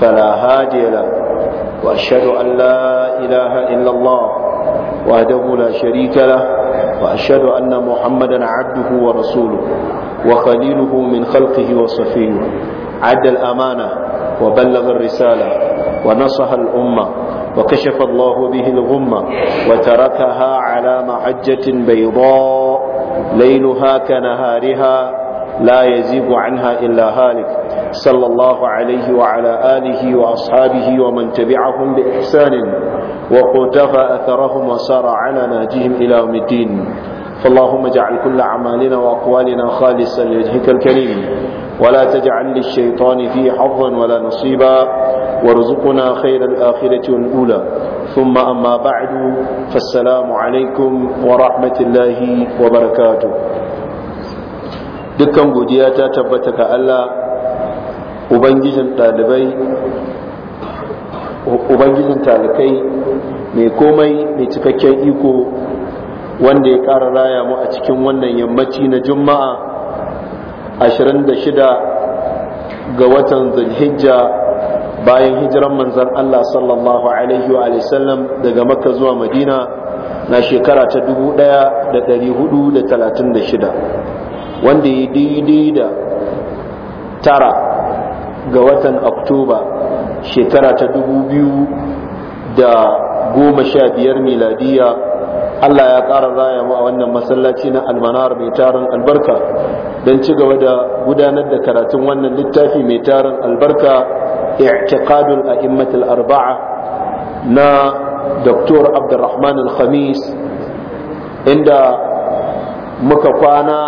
فلا هادي له وأشهد أن لا إله إلا الله وحده لا شريك له وأشهد أن محمدا عبده ورسوله وخليله من خلقه وصفيه عد الأمانة وبلغ الرسالة ونصح الأمة وكشف الله به الغمة وتركها على معجة بيضاء ليلها كنهارها لا يزيغ عنها إلا هالك صلى الله عليه وعلى آله وأصحابه ومن تبعهم بإحسان وقتفى أثرهم وسار على ناجهم إلى يوم الدين فاللهم اجعل كل أعمالنا وأقوالنا خالصا لوجهك الكريم ولا تجعل للشيطان فيه حظا ولا نصيبا وارزقنا خير الآخرة والأولى ثم أما بعد فالسلام عليكم ورحمة الله وبركاته dukkan godiya ta الله ubangijin ɗalibai ubangijin talikai mai komai mai cikakken iko wanda ya ƙara raya mu a cikin wannan yammaci na juma'a 26 ga watan zulhijja bayan hijiran manzan Allah sallallahu alaihi wa sallam daga makka zuwa madina na shekara ta 1436 wanda ya daidai da tara ga watan oktoba shekara ta dubu biyu da goma sha biyar miladiya allah ya ƙara raya mu a wannan masallaci na almanar mai tarin albarka don ci gaba da gudanar da karatun wannan littafi mai tarin albarka a a'immatul arba'a na dr abdurrahman al-khamis inda muka kwana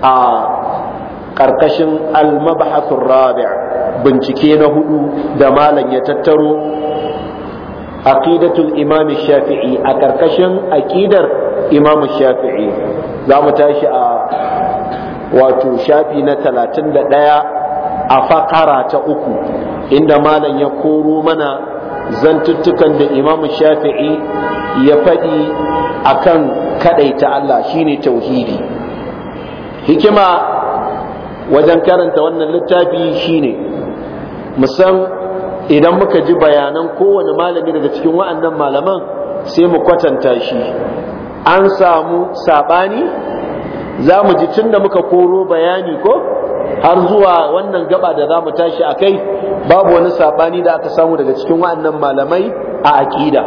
a karkashin al-mabhathur rabi' bincike na hudu da malam ya tattaro aqidatul imam shafi'i a karkashin aqidar imam shafi'i za mu tashi a wato shafi na 31 a faƙara ta uku inda malam ya koro mana zantuttukan da imam shafi'i ya faɗi akan kaɗaita Allah shine tauhidi hikima wajen karanta wannan littafi shine san idan muka ji bayanan kowane malami daga cikin wa'annan malaman sai mu kwatanta shi an samu saɓani za mu ji tun da muka koro bayani ko har zuwa wannan gaba da za mu tashi a kai babu wani saɓani da aka samu daga cikin wa'annan malamai a aƙida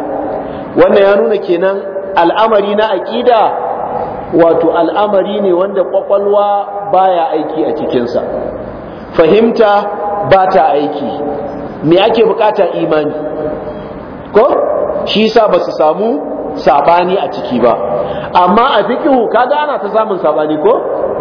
wannan ya nuna kenan al'amari na aƙida wato al'amari ne wanda kwakwalwa baya aiki a cikinsa fahimta ba ta aiki me ake bukata imani ko shi sa ba su samu sabani a ciki ba amma a fikihu kaga ana ta samun sabani ko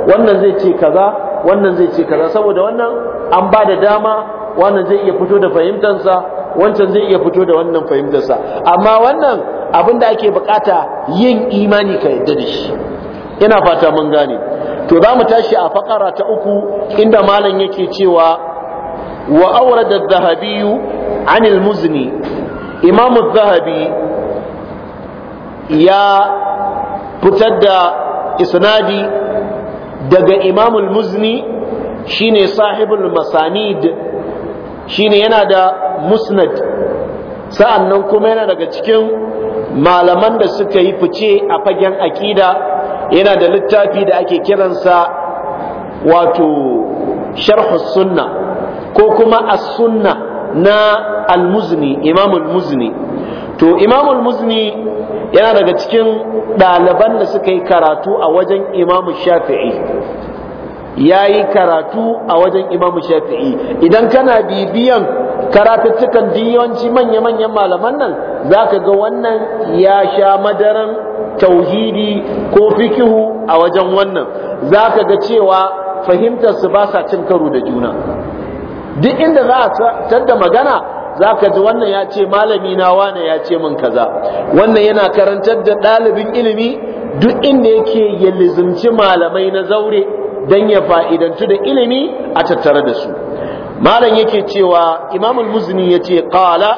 wannan zai ce kaza wannan zai ce kaza saboda wannan an ba da dama wannan zai iya fito da fahimtansa wancan zai iya fito da wannan fahimtarsa amma wannan abin da ake bukata yin imani ka yadda da shi ina fata mun gane to za mu tashi a fakara ta uku inda malam yake cewa wa awrada adh-dhahabi an al-muzni imam adh-dhahabi ya fitar da isnadi daga imam al-muzni shine sahibul masanid shine yana da musnad sa'annan kuma yana daga cikin malaman da suka yi fice a fagen akida yana da littafi da ake kiransa wato sharhu sunna ko kuma as-sunna na al-muzni imam al-muzni to imam al-muzni yana daga cikin ɗaliban da suka yi karatu a wajen imam shafi'i ya yi karatu a wajen imam shafi'i idan kana bibiyan karatuttukan yawanci manya-manyan malaman nan za ka ga wannan ya sha madaran tauhidi ko fikihu a wajen wannan za ka ga cewa fahimtarsu ba sa cin karo da juna duk inda za a tadda magana za ka ji wannan ya ce malami na wane ya ce min kaza wannan yana karantar da ɗalibin ilimi duk inda yake ya lizimci malamai na zaure don ya fa'idantu da ilimi a tattare da su malam yake cewa imamul muzini ya ce ƙala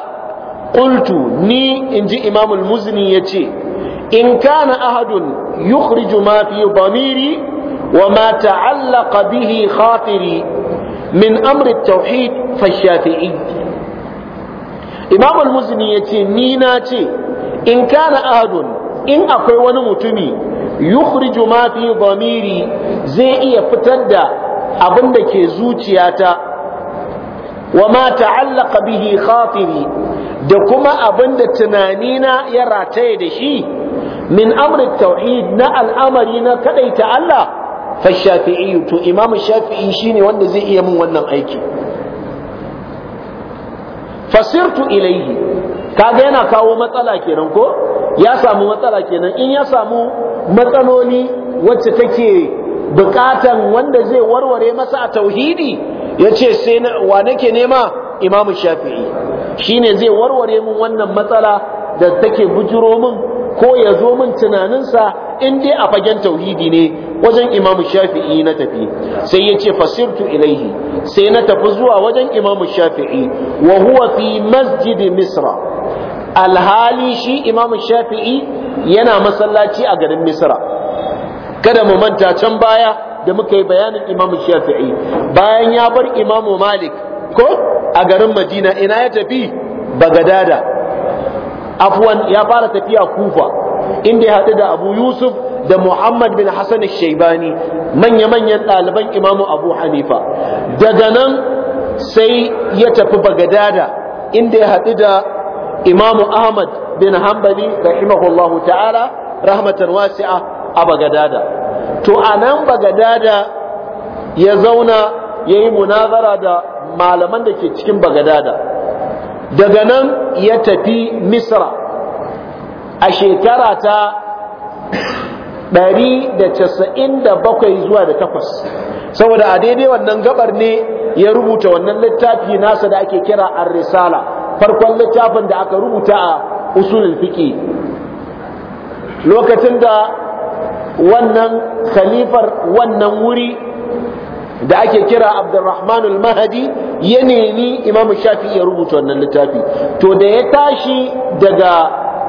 ƙultu ni in ji imamul muzni ya ce in kana ahadun yukhriju ma fi damiri wa ma ta'allaqa bihi khatiri min amri tauhid fa shafi'i imam al-muzni yace ni na ce in kana ahadun in akwai wani mutumi yukhriju ma fi damiri zai iya fitar da abin da ke zuciyata wa ma ta'allaqa bihi khatiri da kuma abin da tunanina ya rataye da shi min amri tauhid na al'amari na ta Allah fa shafi'i to imamu shafi'i shine wanda zai iya min wannan aiki fasirtu ilaihi kaga yana kawo matsala kenan ko ya samu matsala kenan in ya samu matsaloli wacce take bukatan wanda zai warware masa a tauhidi yace sai wa nake nema imamu shafi'i shine zai warware mun wannan matsala da take bujiro mun ko ya zo min tunaninsa in dai a fagen tauhidi ne wajen imamu shafi'i na tafi sai ya ce fasirtu ilaihi sai na tafi zuwa wajen imamu shafi'i wa huwa fi masjidi misra alhali shi imamu shafi'i yana masallaci a garin misra kada mu manta can baya da muka yi bayanin imamu shafi'i bayan ya bar imamu malik ko a garin madina ina ya tafi bagadada afwan ya fara tafiya kufa inda ya haɗu da abu yusuf da muhammad bin hassan shaibani manya-manyan ɗaliban imamu abu hanifa daga nan sai ya tafi bagadada inda ya haɗu da imamu ahmad bin hanbali rahimahullahu ta'ala rahmatan wasi'a a bagadada to a nan bagadada ya zauna ya yi munazara da malaman da ke cikin bagadada daga nan ya tafi misra a shekara ta 197 zuwa da takwas saboda a daidai wannan gabar ne ya rubuta wannan littafi nasa da ake kira ar-risala farkon littafin da aka rubuta a usulul fiqi lokacin da wannan khalifar wannan wuri da ake kira abdurrahman al-mahdi ya nemi Imam shafi'i ya rubuta wannan littafi to da ya tashi daga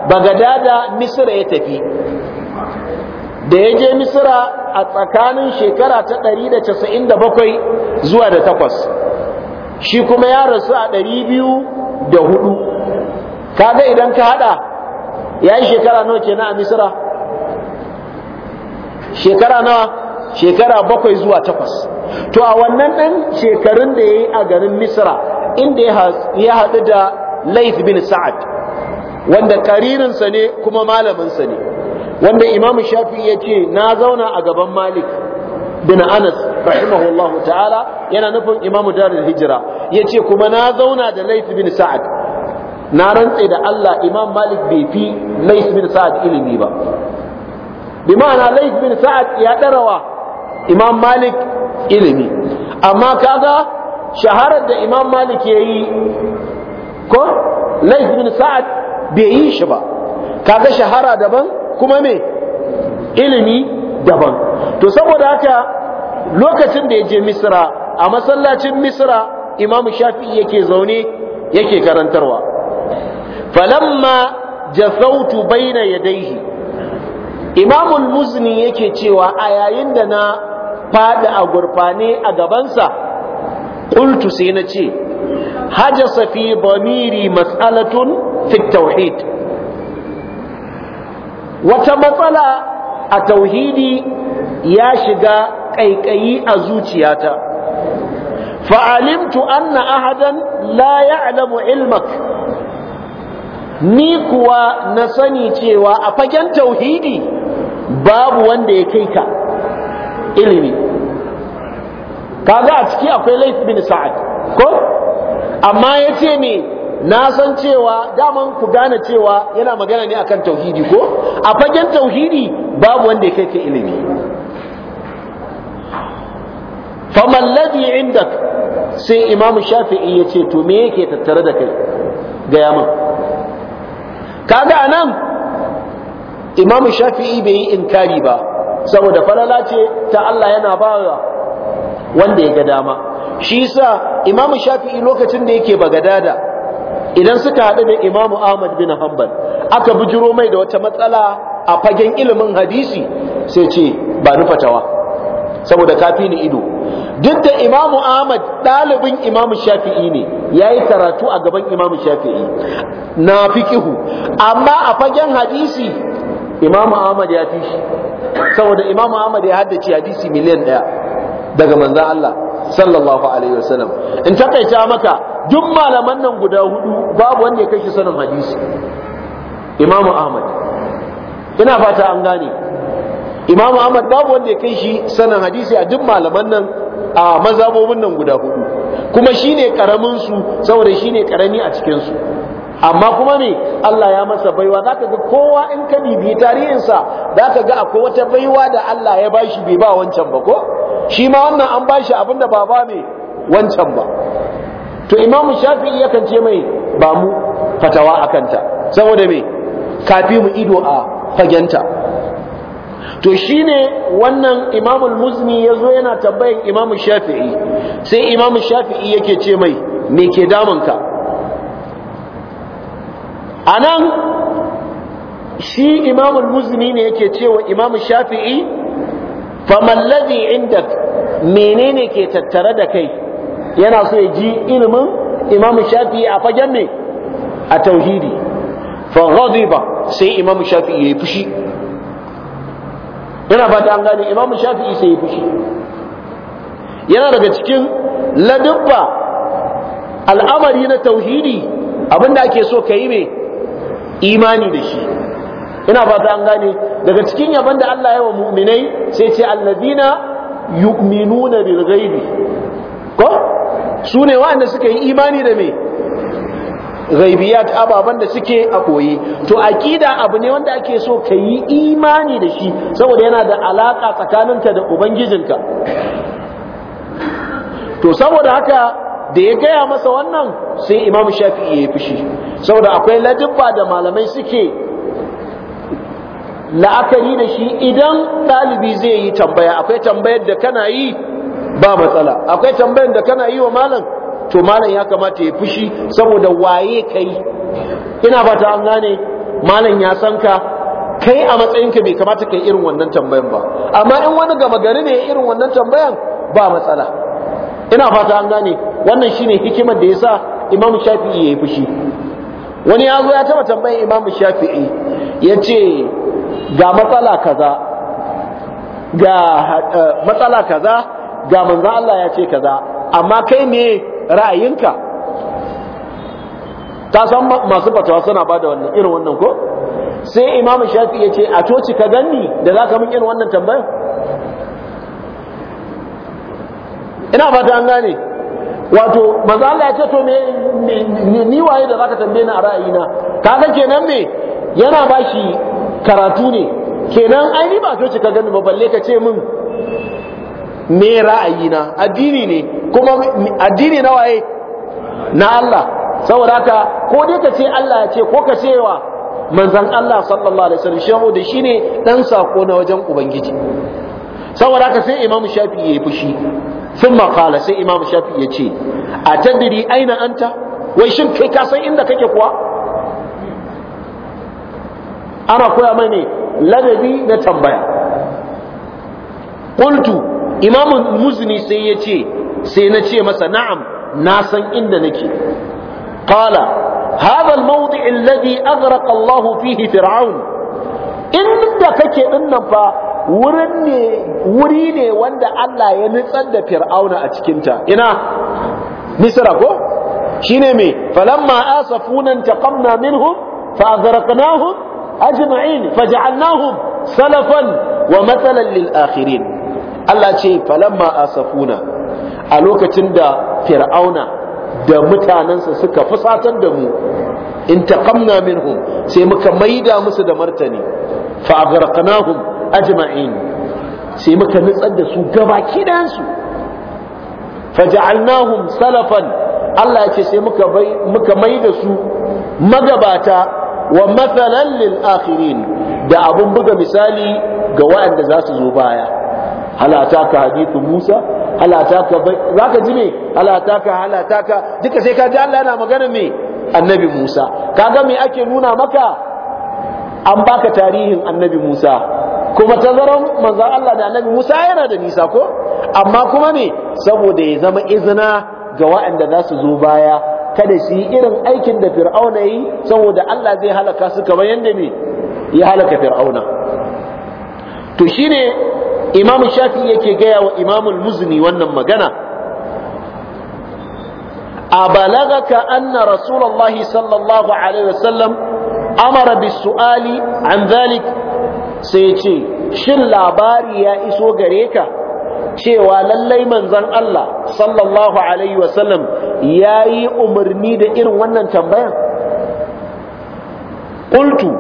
bagadada misra ya tafi da ya je misra a tsakanin shekara ta 197 zuwa da takwas shi kuma ya rasu a 204 kaga idan ka hada ya yi shekara nawa kenan a misra shekara nawa shekara bakwai zuwa takwas to a wannan ɗan shekarun da ya yi a garin misra inda ya haɗu da laif bin sa'ad wanda karirinsa ne kuma malaminsa ne wanda imam shafi ya ce na zauna a gaban malik bin anas rahimahullahu ta'ala yana nufin imam darul hijira ya ce kuma na zauna da laif bin sa'ad na rantse da allah imam malik bai fi laif bin sa'ad ilimi ba bi ma'ana laif bin sa'ad ya ɗarawa imam malik ilimi amma kaga shaharar da imam malik ya yi ko laif bin sa'ad bai yi shi ba kaga shahara daban kuma me ilimi daban to saboda haka lokacin da ya je misra a masallacin misra imam shafi'i yake zaune yake karantarwa falamma jasautu baina yadayhi imam muzni yake cewa a yayin da na fada a gurfane a gabansa qultu sai na ce hajasa fi damiri mas'alatun fit tauhid wata matsala a tauhidi ya shiga kaikayi a zuciyata fa'alimtu anna ahadan la ya'lamu ilmak ni kuwa na sani cewa a fagen tauhidi babu wanda ya kai ka ilimi kaga a ciki akwai laif bin sa'ad ko amma ya ce me na san cewa daman ku gane cewa yana magana ne akan tauhidi ko a fagen tauhidi babu wanda ya kai ka ilimi faman ladhi inda sai imam shafi'i ya ce to me yake tattare da kai gaya min kaga anan imam shafi'i bai yi inkari ba saboda falala ce ta Allah yana ba wanda ya ga dama shi yasa imamu shafi'i lokacin da yake bagadada idan suka haɗu da imamu ahmad bin hanbal aka bujiro mai da wata matsala a fagen ilimin hadisi sai ce ba nufa tawa saboda kafi ni ido duk da imamu ahmad ɗalibin imamu shafi'i ne ya yi karatu a gaban imamu shafi'i na kihu amma a fagen hadisi imamu ahmad ya fi shi saboda imamu ahmad ya haddace hadisi miliyan ɗaya daga manzan Allah sallallahu alaihi wasallam in takaita maka duk malaman nan guda hudu babu wanda ya kashi sanin hadisi Imam Ahmad ina fata an gane Imam Ahmad babu wanda ya kai shi sanin hadisi a duk malaman nan a mazhabobin nan guda hudu kuma shine karamin su saboda shine karami a cikin su amma kuma me Allah ya masa baiwa zaka ga kowa in ka bibi tarihinsa zaka ga akwai wata baiwa da Allah ya bashi bai ba wancan ba ko shi ma wannan an ba shi abinda ba ba ne wancan ba to imamu shafi'i yakan ce mai ba mu fatawa a kanta saboda me kafi mu ido a fagenta to shi ne wannan imamu muzmi ya zo yana tambayan imamu shafi'i sai imamu shafi'i yake ce mai me ke damunka a nan shi imamu muzmi ne yake cewa imamu shafi'i faman ladhi inda menene ke tattare da kai yana so ya ji ilimin imam shafi'i a fagen me a tauhidi fa ba sai imam shafi'i ya yi fushi yana fata an gane imam shafi'i sai yayi fushi yana daga cikin ladubba al'amari na tauhidi abinda ake so ka yi mai imani da shi ina fata an gane daga cikin yabon da Allah ya wa mu'minai sai ce alladina yu'minuna bil ghaibi ko su ne waɗanda suka yi imani da me ghaibiyat ababan da suke a koyi to aqida abu ne wanda ake so ka yi imani da shi saboda yana da alaka tsakaninka da ubangijinka to saboda haka da ya gaya masa wannan sai imam shafi'i ya fushi saboda akwai ladubba da malamai suke la'akari da shi idan ɗalibi zai yi tambaya akwai tambayar da kana yi ba matsala akwai tambayar da kana yi wa malam to malam ya kamata ya fushi saboda waye kai ina ba ta an gane malam ya san ka kai a matsayinka bai kamata kai irin wannan tambayan ba amma in wani gama gari ne irin wannan tambayan ba matsala ina fata an gane wannan shine hikimar da yasa Imam Shafi'i ya yi fushi wani ya zo ya taba tambayan Imam Shafi'i ya ce ga matsala kaza ga eh, matsala kaza ga manzo Allah ya ce kaza amma kai me ra'ayinka ta san masu fatawa suna ba da wannan irin wannan ko sai imamu shafi ya ce a coci ka ganni da za ka min irin wannan tambayar ina fata an gane wato manzo Allah ya ce to me ni waye da ka tambaye ni a ra'ayina kaga kenan me yana bashi karatu ne kenan aini ba coci ka gani ba balle ka ce min me ra'ayi na addini ne kuma addini na waye na Allah saboda haka ko dai ka ce Allah ya ce ko ka ce wa manzon Allah sallallahu alaihi wasallam shehu da shine dan sako na wajen ubangiji saboda haka sai imamu shafi'i ya yi fushi thumma qala sai imamu shafi'i ya ce a tadri aina anta wai shin kai ka san inda kake kuwa ana koya mai ne ladabi na tambaya Kultu imamu muzni sai ya sai na ce masa na'am na san inda nake Fala hadha al-mawdi' alladhi aghraqa Allah fihi fir'aun inda kake dinnan fa ne wuri ne wanda Allah ya nutsar da fir'auna a cikinta ina misra ko shine me falamma asafuna taqamna minhum fa aghraqnahum ajma'in faja'alnahum salafan wa matsalan lil akhirin Allah ce falamma asafuna a lokacin da fir'auna da mutanensa suka fusatar da mu in taqamna minhum sai muka maida musu da martani fa aghraqnahum ajma'in sai muka nutsar da su gabaki ɗayansu faja'alnahum salafan Allah ya ce sai muka maida su magabata wa mathalan lil akhirin da abun buga misali ga waɗanda za su zo baya halata ka hadithu Musa halata ka ka ji me, halata ka halata ka duka sai ka ji Allah yana magana ne annabi Musa kaga me ake nuna maka an baka tarihin annabi Musa kuma tazaran manzon Allah da annabi Musa yana da nisa ko amma kuma ne saboda ya zama izina ga waɗanda za su zo baya kada su yi irin aikin da fir'auna yi saboda Allah zai halaka su kamar yadda ne ya halaka fir'auna to shine imamu shafi yake gaya wa imamul muzni wannan magana a balagaka anna rasulullahi sallallahu alaihi wasallam amara bisu'ali an dhalik sai ce shin labari ya iso gare ka cewa lallai manzon Allah sallallahu alaihi wasallam yayi umarni da irin wannan tambayan qultu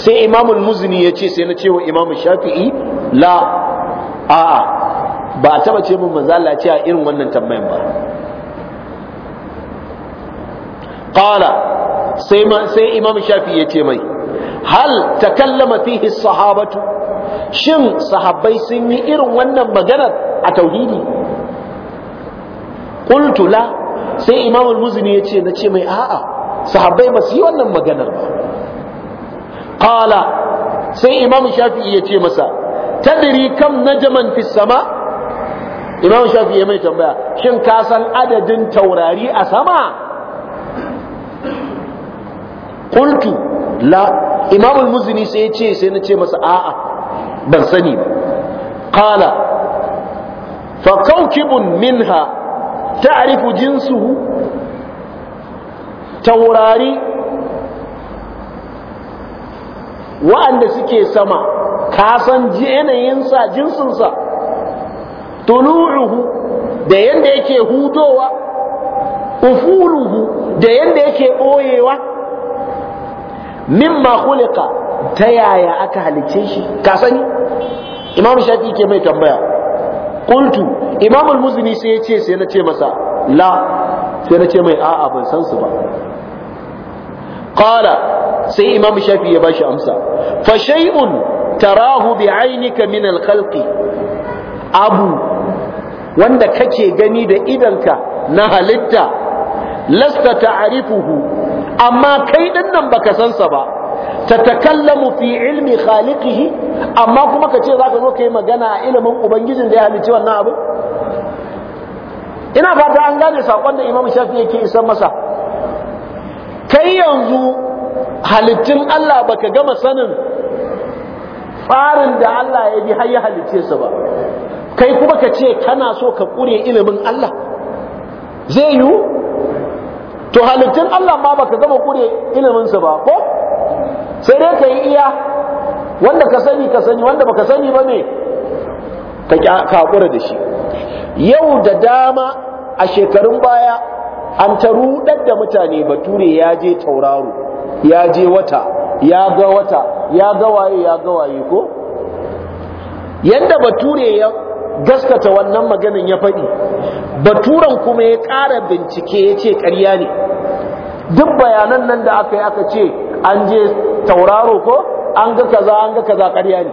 sai imamul muzni ya ce sai na cewa imamu shafi'i la a'a ba a taba ce min manzon Allah ce a irin wannan tambayan ba qala sai sai imamu shafi'i ya ce mai hal takallama fihi sahabatu shin sahabbai sun yi irin wannan maganar a tauhidi qultu sai sai imam ya ce na ce mai a'a sahabbai ba su yi wannan maganar ba qala sai imam shafi'i ce masa tadri kam najman fi sama imam shafi'i mai tambaya shin ka san adadin taurari a sama qultu la imam muzini sai yace sai nace masa a'a ban sani ba qala fa kawkibun minha ta'rifu jinsuhu taurari wa'anda suke sama ka san yanayinsa jinsinsa tulu'uhu da yanda yake hudowa ufuruhu da yanda yake ɓoyewa mimma khuliqa ta yaya aka halicce shi ka sani imam shafi ke mai tambaya kultu imam al-muzni sai ya ce sai na ce masa la sai na ce mai a'a ban san su ba qala sai imam shafi ya bashi amsa fa shay'un tarahu bi 'aynika min al-khalqi abu wanda kake gani da idanka na halitta lasta ta'rifuhu amma kai dinnan nan baka san sa ba tatakallamu fi ilmi khaliqihi amma kuma kace zaka zo kai magana a ilimin ubangijin da ya halicci wannan abu ina fata an gane sakon da Imam Shafi yake isar masa kai yanzu halittun Allah baka gama sanin farin da Allah ya bi har ya halicce sa ba kai kuma ka ce kana so ka kure ilimin Allah zai yiwu to halittun Allah ma baka gama kure sa ba ko sai dai ka yi iya wanda ka sani ka sani wanda baka sani ba me ka kakura da shi yau da dama a shekarun baya an ta rudar da mutane bature ya je tauraro ya je wata ya ga wata ya ga waye ya ga waye ko yadda bature ya gaskata wannan maganin ya faɗi baturen kuma ya ƙara bincike ya ce ƙarya ne duk bayanan nan da aka yi aka ce an je tauraro ko an ga kaza an ga kaza ƙarya ne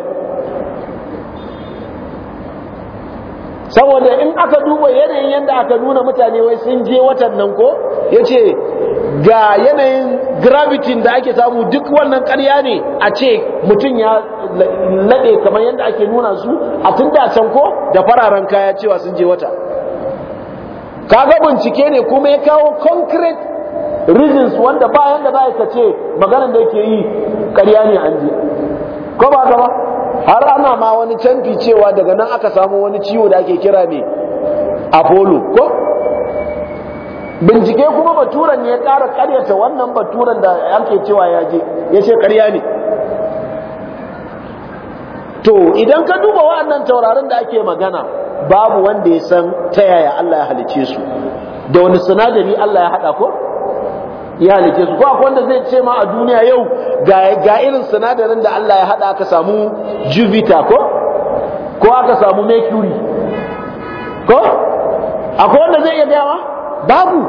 saboda in aka duba yanayin yadda aka nuna mutane wai sun je watan nan ko ya ce ga yanayin gravity da ake samu duk wannan ƙarya ne a ce mutum ya laɗe kamar yadda ake nuna su a tun da can ko da fararen kaya cewa sun je wata kaga bincike ne kuma ya kawo concrete Reasons wanda bayan da za a ce maganar da yake yi ƙarya ne an ji ko ba ka ba har ana ma wani canfi cewa daga nan aka samu wani ciwo da ake kira ne apollo ko bincike kuma baturan ne ya ƙara ƙaryata wannan baturan da ake cewa ya je ya ce ƙarya ne to idan ka duba waɗannan taurarin da ake magana babu wanda ya san ta yaya Allah ya halice su da wani sinadari Allah ya haɗa ko ya halice su ko wanda zai ce ma a duniya yau ga irin sinadarin da Allah ya hada aka samu jupiter ko ko aka samu mercury ko akwai wanda zai iya gawa babu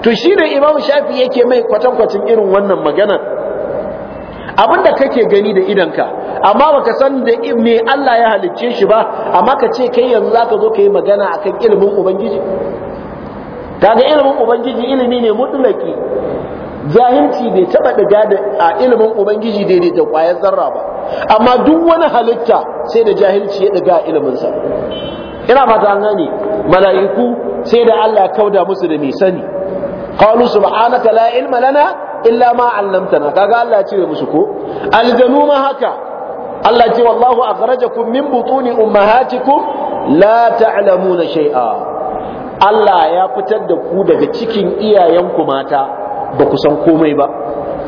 to shi ne imam shafi yake mai kwatankwacin irin wannan maganar abinda kake gani da idanka amma baka san da me Allah ya halicce shi ba amma ka ce kai yanzu za ka zo ka yi magana akan ilimin ubangiji ga ilimin ubangiji ilimi ne mutlaki jahilci bai taba daga da a ilimin ubangiji daidai da kwayar zarra ba amma duk wani halitta sai da jahilci ya daga iliminsa ina fata an gane mala'iku sai da Allah ya kauda musu da mai sani qalu subhanaka la ilma lana illa ma 'allamtana kaga Allah ya ce musu ko aljanu ma haka Allah ce wallahu akhrajakum min butuni ummahatikum la ta'lamuna shay'a Allah ya fitar da ku daga cikin iyayenku mata ba ku san komai ba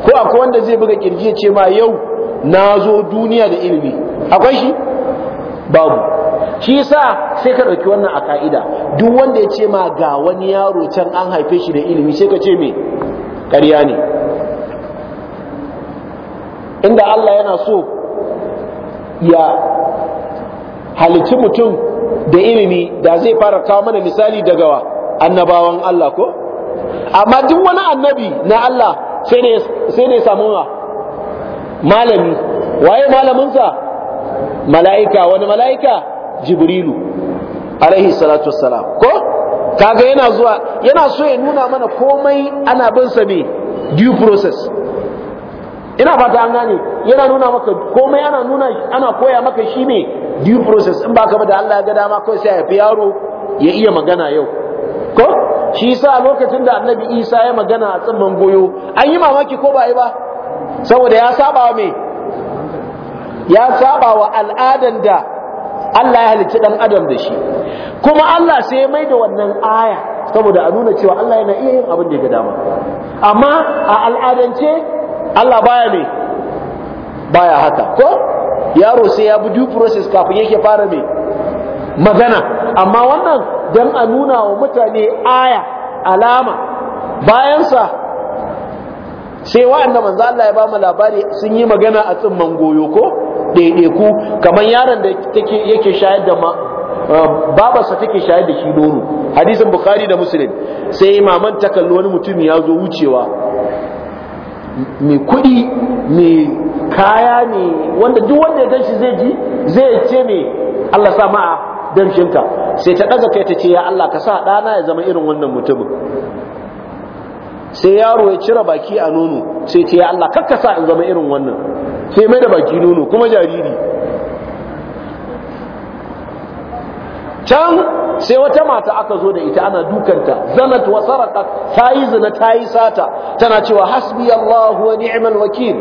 ko akwai wanda zai buga kirji ya ce ma yau na zo duniya da ilimi akwai shi babu shi yasa sai ka ɗauki wannan a ka'ida duk wanda ya ce ma ga wani yaro can an haife shi da ilimi sai ka ce me ƙarya ne inda Allah yana so ya halitti mutum da ilimi da zai fara kawo mana misali daga annabawan Allah ko amma duk wani annabi na Allah sai ne sai ne samu malami waye malaminsa mala'ika wani mala'ika jibrilu alaihi salatu wassalam ko kaga yana zuwa yana so ya nuna mana komai ana bin sa ne due process ina fata an gane yana nuna maka komai ana nuna ana koya maka shi ne due process in ba ka da Allah ya ga dama kawai sai ya fi yaro ya iya magana yau ko shi sa lokacin da annabi isa ya magana a tsibin goyo an yi mamaki ko ba yi ba saboda ya saba wa mai ya saba wa al'adan da Allah ya halicci dan adam da shi kuma Allah sai ya mai da wannan aya saboda a nuna cewa Allah yana iya yin abin da ya ga dama amma a al'adance Allah baya mai baya haka ko yaro sai ya bi due process kafin yake fara mai magana amma wannan don a nuna wa mutane aya alama bayansa sai wa'anda manzo Allah ya ba mu labari sun yi magana a tsimman goyo ko ɗaiɗaiku kamar yaron da yake shayar da uh, sa take shayar da shi nono hadisin bukhari da muslim sai imaman ta kalli wani mutum ya zo wucewa mai kuɗi mai kaya ne wanda duk wanda ya gan shi zai ji zai ce mai Allah sa ma'a damshinka sai ta ɗaga kai ta ce ya Allah ka sa ɗana ya zama irin wannan mutumin sai yaro ya cire baki a nono sai ce ya Allah kakka sa in zama irin wannan sai mai da baki nono kuma jariri can sai wata mata aka zo da ita ana dukanta zanat wa sarakat ta yi zina ta yi sata tana cewa hasbi Allah wa ni'mal wakil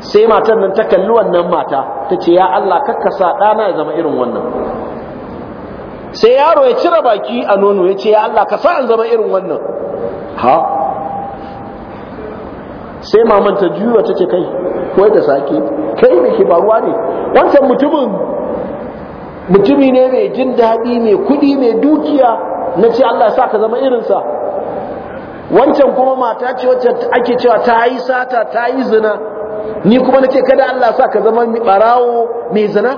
sai matan nan ta kalli wannan mata ta ce ya Allah kakkasa ɗana ya zama irin wannan sai yaro ya cire baki a nono ya ce ya Allah ka sa an zama irin wannan ha sai maman ta juya ta ce kai wai da sake kai ne kibaruwa ne wancan mutumin mutumi ne mai jin daɗi mai kuɗi mai dukiya na ce Allah ya sa ka zama irinsa wancan kuma mata ce wacce ake cewa ta yi sata ta yi zina ni kuma na ce kada Allah sa ka zama barawo mai zina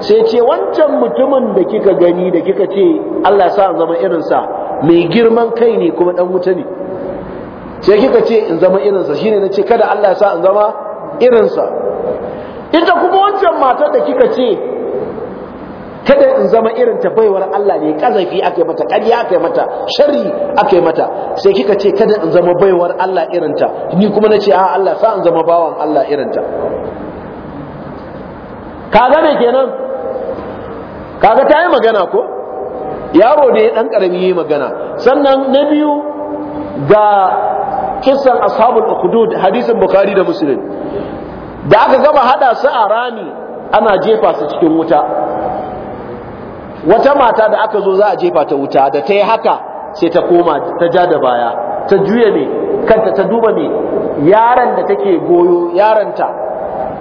sai ce wancan mutumin da kika gani da kika ce Allah sa in zama irinsa mai girman kai ne kuma dan wuta ne sai kika ce in zama irinsa shine na ce kada Allah sa in zama irinsa ita kuma wancan matar da kika ce kada in zama irin ta baiwar Allah ne kazafi aka mata ƙarya aka mata sharri aka mata sai kika ce kada in zama baiwar Allah irin ta ni kuma nace a Allah sa in zama bawan Allah irin ta kaga ne kenan kaga ta yi magana ko yaro ne dan karami yi magana sannan na biyu ga kisan ashabul ukhdud hadisin bukhari da muslim da aka gama hada su a rami ana jefa su cikin wuta wata mata da aka zo za a jefa ta wuta da ta yi haka sai ta koma ta ja da baya ta juya ne kanta ta duba ne yaron da take goyo yaronta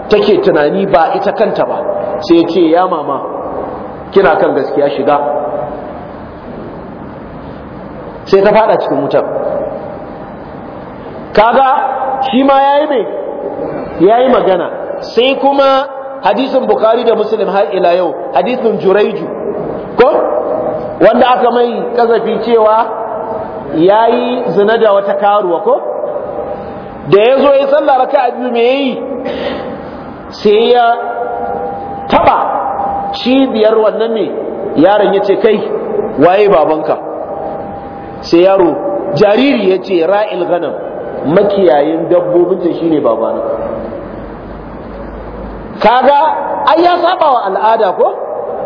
take tunani ba ita kanta ba sai ya ce ya mama kina kan gaskiya shiga sai ta fada cikin wutar kaga shi ma mai ya yayi magana sai kuma hadisin bukhari da muslim har ila yau hadisin juraiju ko wanda aka mai kazafi cewa ya yi zina da wata karuwa ko da ya zo ya tsalla raka biyu me yi sai ya taba cibiyar wannan ne yaron ya ce kai waye babanka sai yaro jariri ya ce ra'il ganin makiyayin shi shine babana kaga ai ya saba wa al'ada ko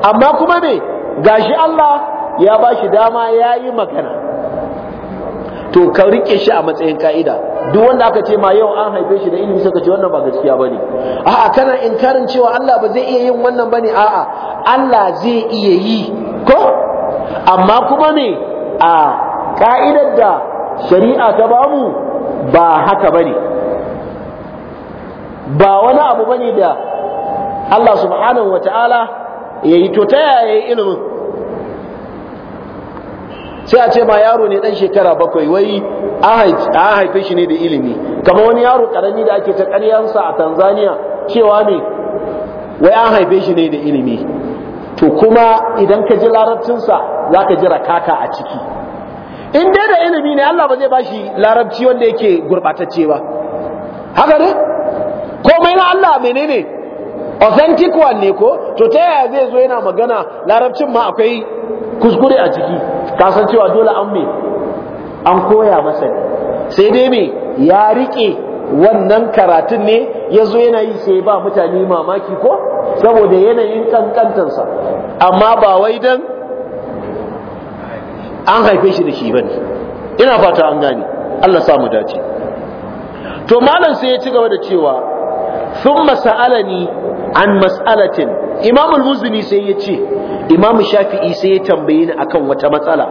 amma kuma me gashi Allah ya ba shi dama ya yi magana to ka rike shi a matsayin ka'ida duk wanda aka ce ma yau an haife shi da ilimi suka ce wannan ba gaskiya bane a'a kana inkarin cewa Allah ba zai iya yin wannan bane a'a Allah zai iya yi ko amma kuma me a ka'idar da shari'a ta bamu ba haka bane ba wani abu bane da Allah subhanahu wataala yayi to ta yaya yi ilimin sai a ce ma yaro ne dan shekara bakwai wai a haife shi ne da ilimi kama wani yaro karami da ake ta karyansa a tanzania cewa ne wai an haife shi ne da ilimi to kuma idan ka ji larabcinsa za ka ji rakaka a ciki in dai da ilimi ne allah ba zai ba shi larabci wanda yake gurɓatacce ba haka ne komai na allah menene authentic one ne ko to ta yaya zai zo yana magana larabcin ma akwai kuskure a ciki kasan cewa dole an me an koya masa sai dai me ya rike wannan karatun ne ya zo yana yi sai ba mutane mamaki ko saboda yanayin kankantansa amma ba wai dan an haife shi da shi bane ina fata an gane Allah sa mu dace to malam sai ya ci gaba da cewa thumma sa'alani an mas'alatin imam al-muzni sai ya ce imam shafi'i sai ya tambaye ni akan wata matsala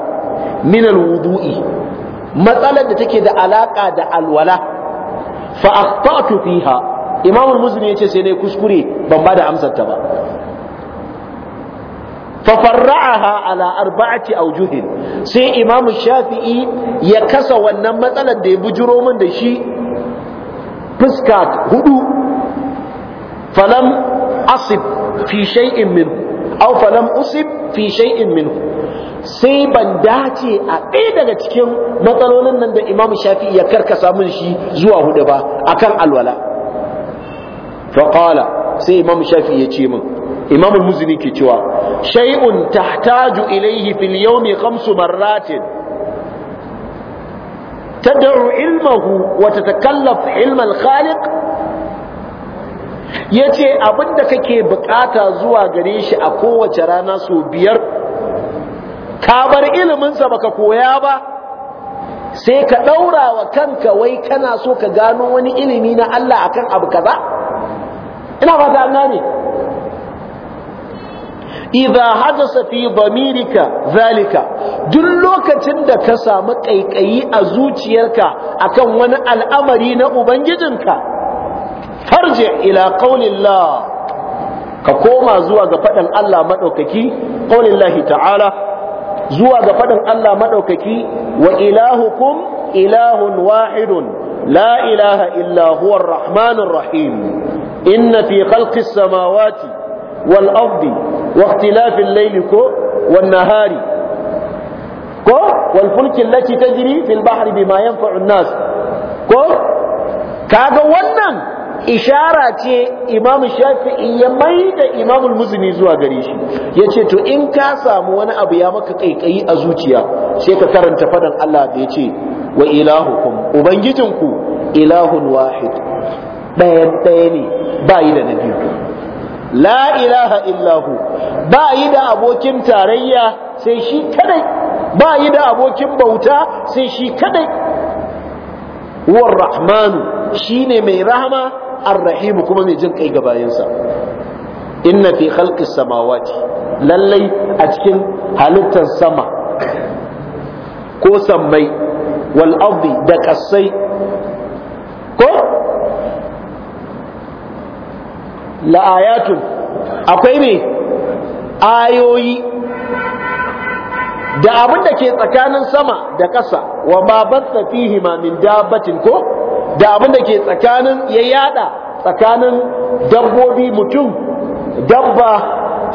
min al-wudu'i matsalar da take da alaka da alwala fa akhtatu fiha imam al-muzni ya ce sai nayi kuskure ban ba da amsar ta ba ففرعها Sai أربعة أوجه Shafi'i ya kasa wannan matsalar da ya بجرو من da shi. فسكات hudu, فلم asib fi shay'in min aw falam usib fi shay'in min sai ban dace a ɗaya daga cikin matsalolin nan da Imam Shafi'i ya karkasa mun shi zuwa hudu ba akan alwala fa sai Imam Shafi'i ya ce min Imam Muzini ke cewa shay'un tahtaju ilayhi fil yawmi khamsu marratin تدعو علمه kallaf ilmal khaliq ya ce abinda kake bukata zuwa gare shi a kowace rana sau biyar Kabar bar iliminsa baka koya ba sai ka ɗaura wa kanka wai kana so ka gano wani ilimi na Allah akan abu kaza ina fata an gane idza hadasa safi bamirika zalika duk lokacin da ka samu kaikayi a zuciyarka akan wani al'amari na ubangijinka farji ila qaulillah ka koma zuwa ga faɗin Allah maɗaukaki qaulillahi ta'ala zuwa ga faɗin Allah maɗaukaki wa ilahu kum ilahun wahidun la ilaha illa huwa rahmanur rahim inna fi khalqis samawati wal ardi wa ikhtilafil layli ko wan nahari ko wal fulki allati tajri fil bahri bima yanfa'u an-nas ko kaga wannan ishara ce imam shafi'i ya mai da imamul muzini zuwa gare shi ya ce to in ka samu wani abu ya maka kaikayi a zuciya sai ka karanta fadan Allah da ya ce wa ilahukum ubangijinku ilahun wahid ɗayan ɗaya ne ba yi da na biyu la ilaha illahu ba yi da abokin tarayya sai shi kadai ba yi da abokin bauta sai shi kadai huwar rahmanu shine mai rahama ar-rahim kuma mai jin kai ga bayansa inna fi khalqis samawati lallai a cikin halittar sama ko sammai wal da kasai ko la akwai me ayoyi da abin da ke tsakanin sama da ƙasa wa ma batta fihi ma min ko da abin da ke tsakanin ya yada tsakanin dabbobi mutum dabba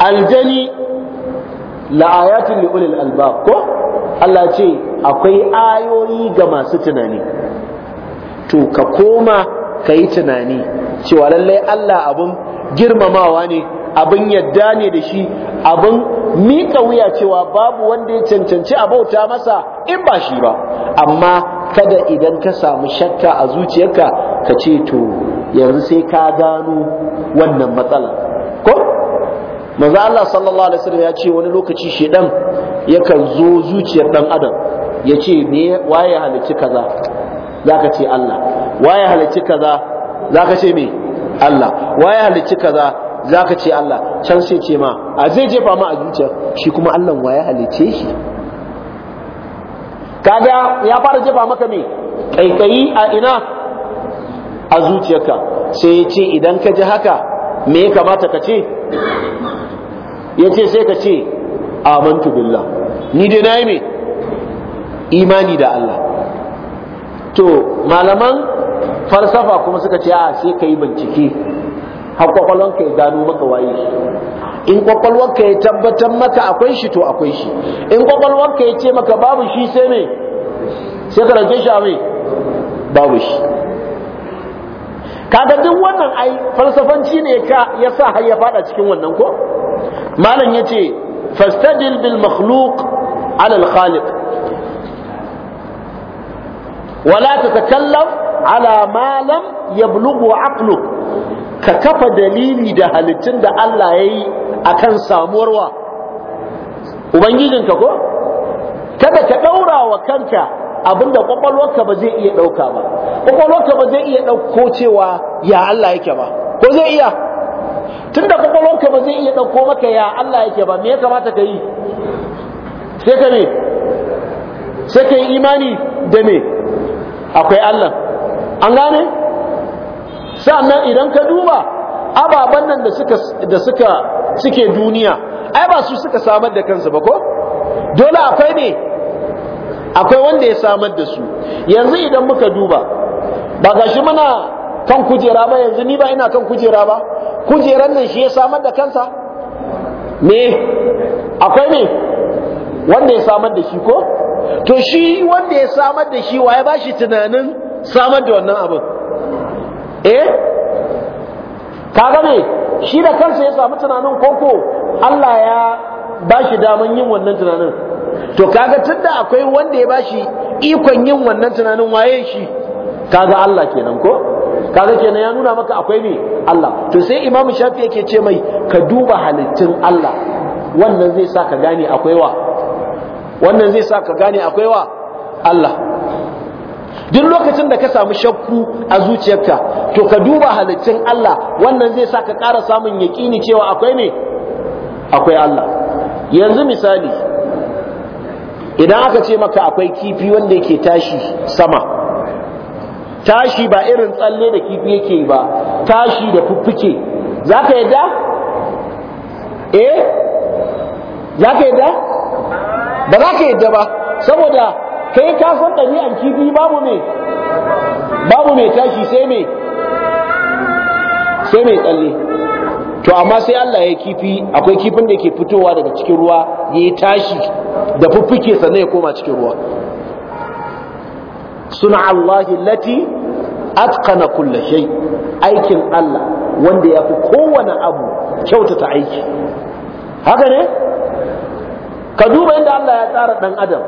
aljani la'ayatin li'ulil albab ko Allah ce akwai ayoyi ga masu tunani to ka koma ka yi tunani cewa lallai Allah abin girmamawa ne abin yadda ne da shi abin mika wuya cewa babu wanda ya cancanci a bauta masa in ba shi ba amma kada idan ka samu shakka a zuciyarka ka ce to yanzu sai ka gano wannan matsalar ko manzo Allah sallallahu alaihi wasallam ya ce wani lokaci shedan yakan zo zuciyar dan adam ya ce me waye halicci kaza zaka ce Allah waye halicci kaza zaka ce me Allah waye halicci kaza zaka ce Allah can sai ce ma a zai jefa ma a zuciya shi kuma Allah waye halicce shi kaga ya fara jefa maka mai kaikayi a ina a zuciyarka sai ya ce idan ka ji haka me ya kamata ka ce ya ce sai ka ce amantu billah ni dai na yi me imani da Allah to malaman falsafa kuma suka ce a sai ka yi bincike har ka ya gano maka waye in kwakwalwarka ya tabbatar maka akwai shi to akwai shi in kwakwalwarka ya ce maka babu shi sai mai sai ka rage shi a me babu shi kaga duk wannan ai falsafanci ne ka ya sa har ya fada cikin wannan ko malam yace fastadil bil makhluq ala al khaliq wala tatakallaf ala ma lam yablughu aqluk ka kafa dalili da halittun da Allah yayi akan samuwarwa ubangijinka ko kada ka daura wa kanka abinda kwakwalwarka ba zai iya dauka ba kwakwalwarka ba zai iya dauko cewa ya Allah yake ba ko zai iya tunda kwakwalwarka ba zai iya dauko maka ya Allah yake ba me ya kamata ka yi sai ka ne sai ka yi imani da me akwai Allah an gane sannan idan ka duba ababen nan da suka da suka suke duniya ai ba su suka samar da kansu ba ko dole akwai ne akwai wanda ya samar da su yanzu idan muka duba ba gashi muna kan kujera ba yanzu ni ba ina kan kujera ba kujeran nan shi ya samar da kansa me akwai ne wanda ya samar da shi ko to shi wanda ya samar da shi waye ba shi tunanin samar da wannan abin eh kaga me shi da kansa ya samu tunanin koko Allah ya ba shi daman yin wannan tunanin to kaga tunda akwai wanda ya ba shi ikon yin wannan tunanin waye shi kaga Allah kenan ko kaga kenan ya nuna maka akwai ne Allah to sai Imam Shafi yake ce mai ka duba halittun Allah wannan zai ka gane akwai wannan zai sa ka gane akwai wa Allah duk lokacin da ka samu shakku a zuciyarka to ka duba halittun Allah wannan zai sa ka ƙara samun yaƙini cewa akwai ne akwai Allah yanzu misali idan aka ce maka akwai kifi wanda yake tashi sama tashi ba irin tsalle da kifi yake ba tashi da fuffuke za ka yadda? eh za ka yadda? ba za ka yadda ba saboda kai ka san ɗabi'an kifi babu me babu me tashi sai me sai me tsalle to amma sai Allah ya kifi akwai kifin da ke fitowa daga cikin ruwa ya yi tashi da fuffuke sannan ya koma cikin ruwa suna Allahi lati atqana kulla shay aikin Allah wanda ya fi kowane abu kyautata aiki haka ne ka duba inda Allah ya tsara dan adam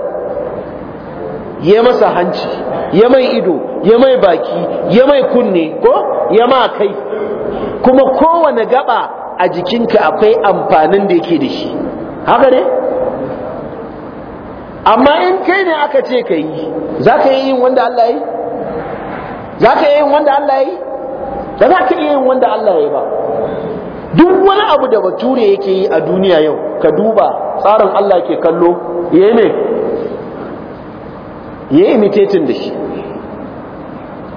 ya masa hanci ya mai ido ya mai baki ya mai kunne ko ya ma kai kuma kowane gaba a jikinka akwai amfanin da yake da shi haka ne amma in kai ne aka ce ka yi za ka yi yin wanda Allah yi za ka yi yin wanda Allah yi da za ka yi yin wanda Allah yi ba duk wani abu da bature yake yi a duniya yau ka duba tsarin Allah ke kallo yayi ne ya yi imitatin da shi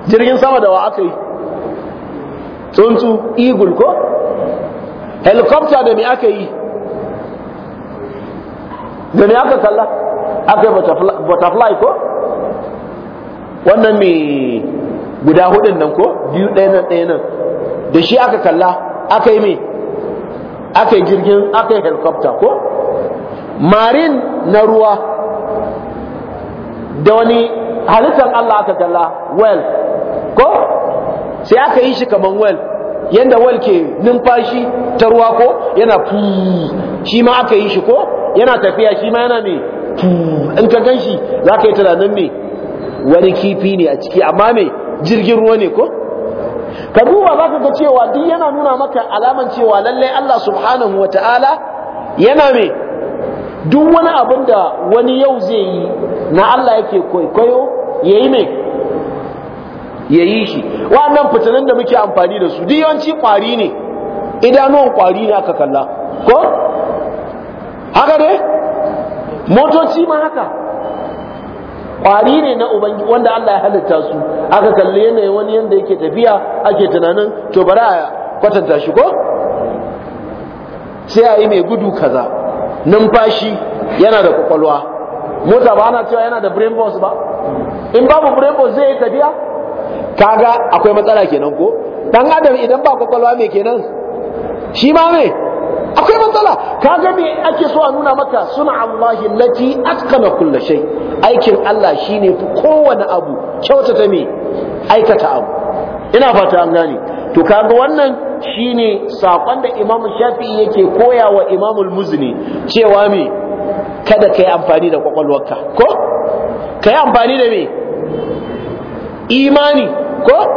jirgin sama da wa aka yi tsuntsu eagle ko helicopter da me aka yi da me aka kalla aka yi butterfly ko wannan mai guda hudun nan ko biyu ɗaya nan ɗaya nan da shi aka kalla aka yi mai aka yi jirgin aka yi helicopter ko marin na ruwa da wani halittar Allah aka kalla well ko sai aka yi shi kamar well yadda well ke numfashi ta ruwa ko yana fu shi ma aka yi shi ko yana tafiya shi ma yana ne in ka gan shi za ka yi tunanin ne wani kifi ne a ciki amma mai jirgin ruwa ne ko ka duba za ka ga cewa duk yana nuna maka alaman cewa lallai Allah subhanahu wa ta'ala yana mai. duk wani abin da wani yau zai yi na Allah yake kwaikwayo ya yi mai ya yi shi Wannan fitinan da muke amfani da su duk yawanci kwari ne idanuwan kwari ne aka kalla ko haka ne motoci ma haka kwari ne na ubangi wanda Allah ya halitta su aka kalli yanayin wani yanda yake tafiya ake tunanin to bari a kwatanta shi ko sai a yi mai gudu kaza numfashi yana da kwakwalwa mota ba ana cewa yana da brain box ba in babu brain box zai yi tafiya kaga akwai matsala kenan ko dan adam idan ba kwakwalwa me kenan shi ma me akwai matsala kaga me ake so a nuna maka suna Allah lati atqana kulli shai aikin Allah shine fi kowane abu kyautata me aikata abu ina fata an gane to kaga wannan shine sakon da Imam Shafi'i yake koya wa Imam Muzni cewa me kada ka yi amfani da kwakwalwarka ko ka yi amfani da me imani ko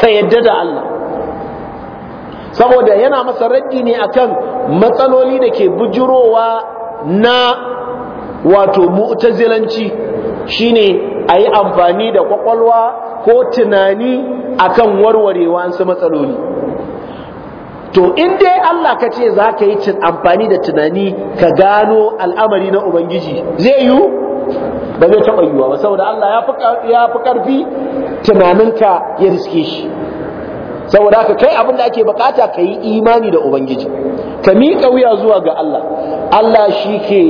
ka yadda da Allah saboda yana masa ne akan matsaloli da ke bujirowa na wato mu'tazilanci shine a yi amfani da kwakwalwa ko tunani akan warwarewa su matsaloli to in dai Allah ka ce za ka yi cin amfani da tunani ka gano al'amari na ubangiji zai yiwu ba zai taɓa yiwuwa ba saboda Allah ya fi ƙarfi tunaninka ya riske shi saboda ka kai abin da ake bukata ka yi imani da ubangiji ka miƙa wuya zuwa ga Allah Allah shi ke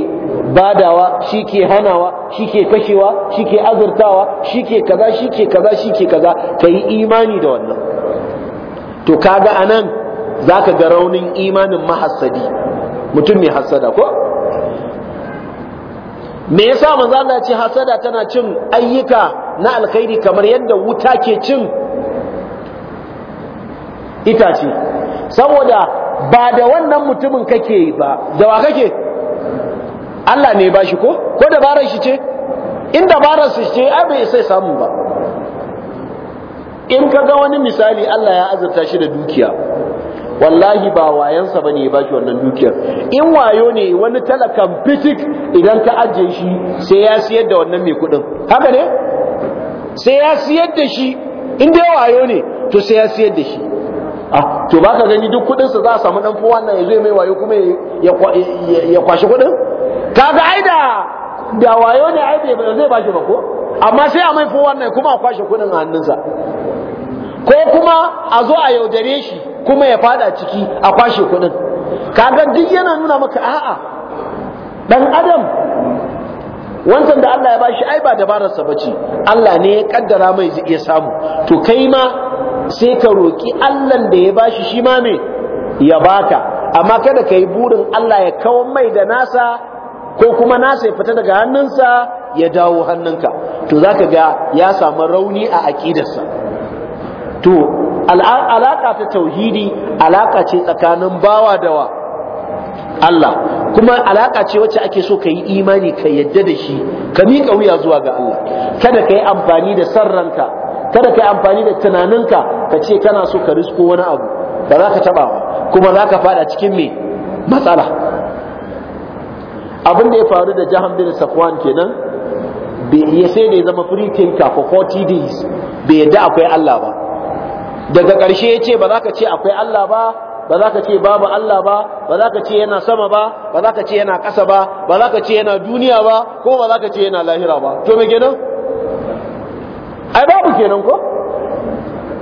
badawa shi ke hanawa shi ke kashewa shi ke azurtawa shi ke kaza shi ke kaza shi ke kaza ka yi imani da wannan to kaga anan za ka ga raunin imanin mahasadi, mutum mai hasada ko me yasa maza Allah ce hasada tana cin ayyuka na alkhairi kamar yadda wuta ke cin itace saboda ba da wannan mutumin kake ba da wa kake Allah ne ba shi ko ko dabarar shi ce in dabarar shi ce ai bai sai samu ba in ka ga wani misali Allah ya azurta shi da dukiya wallahi ba wayansa bane ya bashi wannan dukiyar in wayo ne wani talakan fitik idan ka ajiye shi sai ya siyar da wannan mai kuɗin haka ne sai ya siyar da shi in dai wayo ne to sai ya siyar da shi ah to baka gani duk kudin sa za a samu dan fuwa nan ya zo mai wayo kuma ya kwashi kuɗin kaga ai da da wayo ne ai bai zai bashi ba ko amma sai a mai fuwa nan kuma a kwashe kuɗin a hannunsa ko kuma a zo a yaudare shi kuma ya fada ciki a kwashe kuɗin kaga duk yana nuna maka a'a dan adam wancan da Allah ya bashi ai ba dabararsa bace Allah ne ya kaddara mai zai samu to kai ma sai ka roki Allah da ya bashi shi ma me ya baka amma kada ka burin Allah ya kawo mai da nasa ko kuma nasa ya fita daga hannunsa ya dawo hannunka to zaka ga ya samu rauni a aƙidarsa to Alaƙa ta tauhidi alaka ce tsakanin bawa da wa Allah kuma alaka ce wacce ake so ka yi imani ka yadda da shi ka miƙa wuya zuwa ga Allah kada ka yi amfani da sarranka kada ka yi amfani da tunaninka ka ce kana so ka risko wani abu ba za ka taɓa kuma za ka faɗa cikin me matsala abin da ya faru da jahan bin safwan kenan ya sai da ya zama free thinker for 40 days bai yadda akwai Allah ba daga ƙarshe ya ce ba za ka ce akwai Allah ba ba za ka ce babu Allah ba ba za ka ce yana sama ba ba za ka ce yana ƙasa ba ba za ka ce yana duniya ba ko ba za ka ce yana lahira ba to me kenan ai babu kenan ko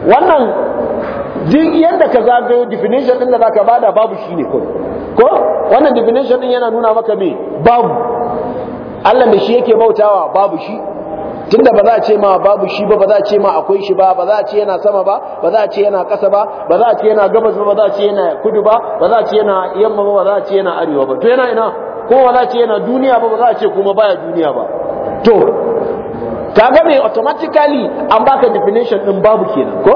wannan duk yadda ka zagayo definition din da zaka bada babu shine ko ko wannan definition din yana nuna maka me babu Allah da shi yake bautawa babu shi tunda ba za a ce ma babu shi ba ba za a ce ma akwai shi ba ba za a ce yana sama ba ba za a ce yana ƙasa ba ba za a ce yana gabas ba ba za a ce yana kudu ba ba za a ce yana yamma ba ba za a ce yana arewa ba to yana ina ko ba za a ce yana duniya ba ba za a ce kuma baya duniya ba to ka ga me automatically an baka definition din babu kenan ko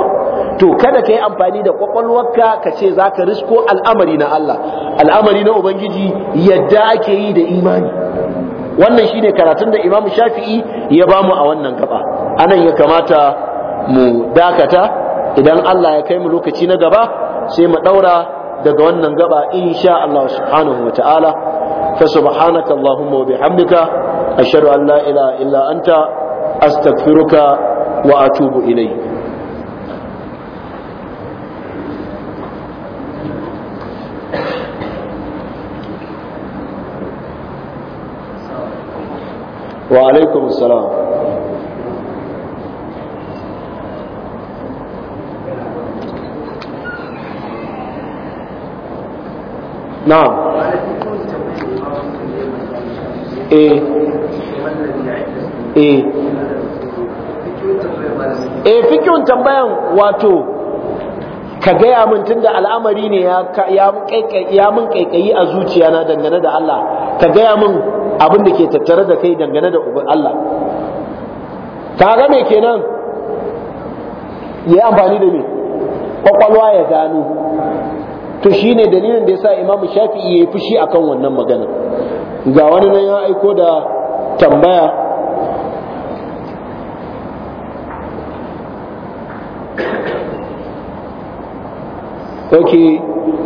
to kada ka yi amfani da kwakwalwarka ka ce za ka risko al'amari na Allah al'amari na Ubangiji yadda ake yi da imani wannan shine karatun da imamu shafi'i ya bamu a wannan gaba anan ya kamata mu dakata idan Allah ya kai mu lokaci na gaba sai mu daura daga wannan gaba insha Allah subhanahu wa ta'ala fa subhanaka allahumma wa bihamdika ashhadu an la ilaha illa anta astaghfiruka wa atubu ilayk wa alaikum salam na'am eh eh eh fikin tambayan wato ka gaya min tunda al'amari ne ya mun kaikayi a zuciya na dangane da Allah ka gaya min abin da ke tattare da kai dangane da ubin Allah ga me kenan ya yi amfani da me kwakwalwa ya gano to shine dalilin da ya yasa imamu shafi'i ya yi fushi akan wannan magana ga wani nan ya aiko da tambaya ok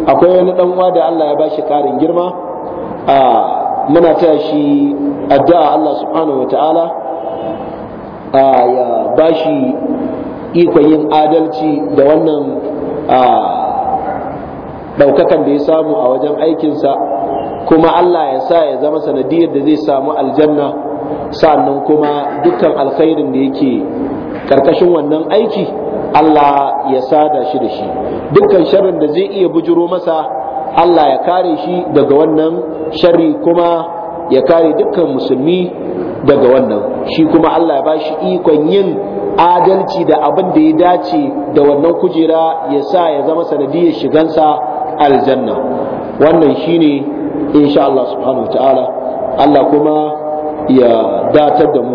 akwai wani uwa da Allah ya ba shi ƙarin girma a ah, muna taya shi addu'a Allah subhanahu wa ta'ala ya ba shi ikon yin adalci da wannan daukakan da ya samu a wajen aikinsa kuma Allah ya sa ya zama sanadiyar da zai samu aljanna sannan kuma dukkan alkhairin da yake karkashin wannan aiki Allah ya sada shi da shi dukkan sharrin da zai iya bujuro masa Allah ya kare shi daga wannan sharri kuma ya kare dukkan musulmi daga wannan shi kuma Allah ya ba shi ikon yin adalci da abin da ya dace da wannan kujera ya sa ya zama sanadiyar shigansa aljanna wannan shine insha Allah subhanahu wa ta'ala Allah kuma ya datar da mu